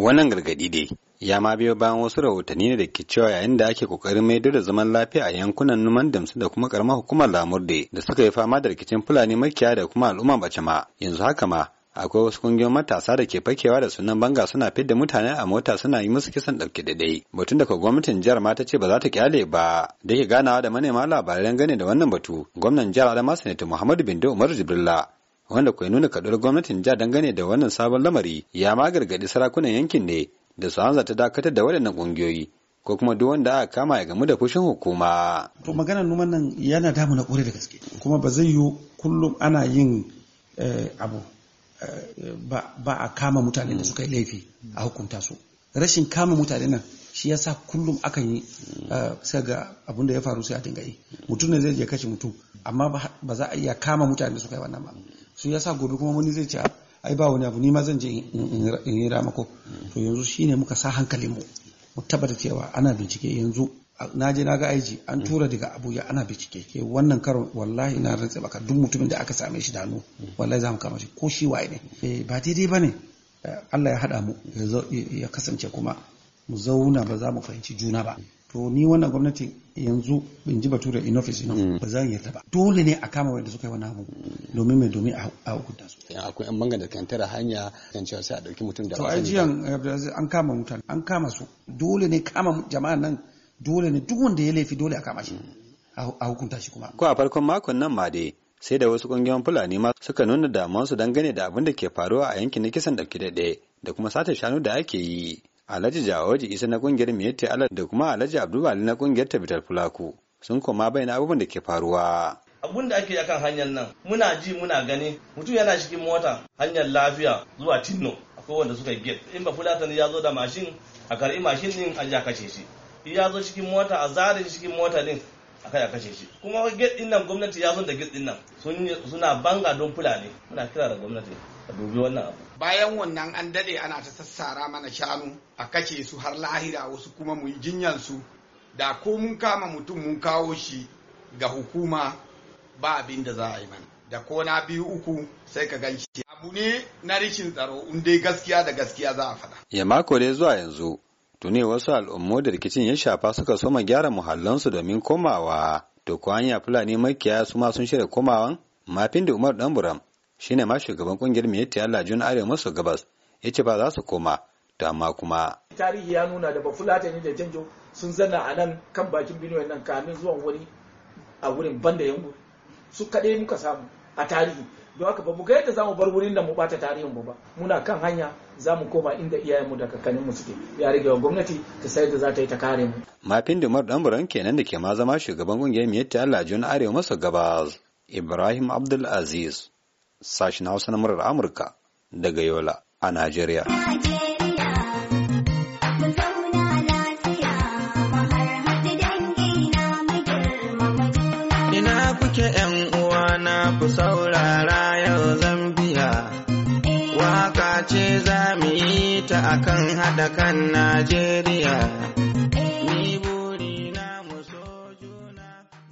Wannan gargadi dai ya ma biyo bayan wasu rahotanni ne da ke cewa yayin da ake kokarin maido da zaman lafiya a yankunan numan damsu da kuma karamar hukumar lamurde da suka yi fama da rikicin fulani makiya da kuma al'umma bace ma yanzu haka ma akwai wasu kungiyoyin matasa da ke fakewa da sunan banga suna da mutane a mota suna yi musu kisan ɗauke da dai batun da gwamnatin jihar ma ta ce ba za ta kyale ba da ke ganawa da manema labaran gane da wannan batu gwamnan jihar adama sanata muhammadu bindo umar jibrila wanda kwai nuna kaɗuwar gwamnatin ja dangane da wannan sabon lamari ya ma gargaɗi sarakunan yankin ne da su ta dakatar da waɗannan ƙungiyoyi ko kuma duk wanda aka kama ya gamu da fushin hukuma. To maganar numan nan yana damu na kore da gaske kuma ba zai yiwu kullum ana yin eh, abu eh, ba a kama mutane da suka yi laifi a hukunta su. Rashin kama mutane nan shi ya sa kullum akan yi eh, sai ga abin da ya faru sai a dinga yi. Mutum ne zai je kashe mutum amma ba za a iya kama mutane da suka yi wannan ba. su ya sa gobe kuma wani zai ce ai ba wani abu ni ma zan je in yi ramako to yanzu shine muka sa hankalin mu mu tabbata cewa ana bincike yanzu na je na ga aiji an tura daga abuja ana bincike ke wannan karo wallahi na rantsa baka duk mutumin da aka same shi da hannu wallahi za mu kama shi ko shi waye ne eh, ba daidai ba ne eh, Allah ya haɗa mu ya kasance kuma mu zauna ba za mu fahimci juna ba to ni wannan gwamnati yanzu in ji bature in office ino mm. ba za yarda ba dole ne a kama wanda suka yi wani abu domin mai domin a hukunta su akwai an da kan tara hanya kan cewa sai a dauki mutum da to ai jiyan eh, an kama mutane an kama su dole ne kama jama'a nan dole ne duk wanda ya laifi dole a kama shi a hukunta shi kuma ko a farkon makon nan ma dai sai da wasu kungiyoyin fulani ma suka nuna damuwarsu dangane da abin da ke faruwa a yankin na kisan dauki daɗe da kuma satar shanu da ake yi Alhaji Jawoji Isa na kungiyar Miyatti Alad da kuma Alhaji Abdulwali na kungiyar Tabital Fulaku sun koma bayan abubuwan da ke faruwa. Abun da ake akan hanyar nan muna ji muna gani mutum yana cikin mota hanyar lafiya zuwa Tinno akwai wanda suka get in ba fulatani ya zo da mashin a karbi mashin din a kashe shi. Ya zo cikin mota a zarin cikin mota din akai a kashe shi kuma gate din nan gwamnati ya zo da gate din nan suna banga don fulani muna kira da gwamnati a dubi wannan abu bayan wannan an dade ana ta sassara mana shanu a kashe su har lahira wasu kuma mu jinyan su da ko mun kama mutum mun kawo shi ga hukuma ba abin da za a yi mana da ko na biyu uku sai ka gan shi abu ne na rikin tsaro in dai gaskiya da gaskiya za a faɗa ya mako dai zuwa yanzu tuni wasu al'ummu da rikicin ya shafa suka soma gyara muhallansu domin komawa to ko hanya fulani makiyaya su ma sun shirya komawan mafin da umar dan buram shine ma shugaban kungiyar miyetti allah jun arewa maso gabas ya ce ba za su koma to amma kuma tarihi ya nuna da bafulatani da janjo sun zanna a nan kan bakin bidiyon nan kamin zuwan wani a wurin banda yango su kaɗai muka samu a tarihi don haka ba mu ga yadda zamu bar wurin da mu bata tarihin mu ba muna kan hanya zamu koma inda iyayen mu da mu suke ya rage wa gwamnati ta sai da za ta yi ta kare mu mafin mar dan kenan da ke ma zama shugaban kungiyar miyatta Allah juna arewa masa gabas Ibrahim Abdul Aziz sashin Hausa na murar Amurka daga Yola a Najeriya. Ina kuke 'yan na ku saurara yau zambiya waka ce za mu yi ta akan haɗa kan najeriya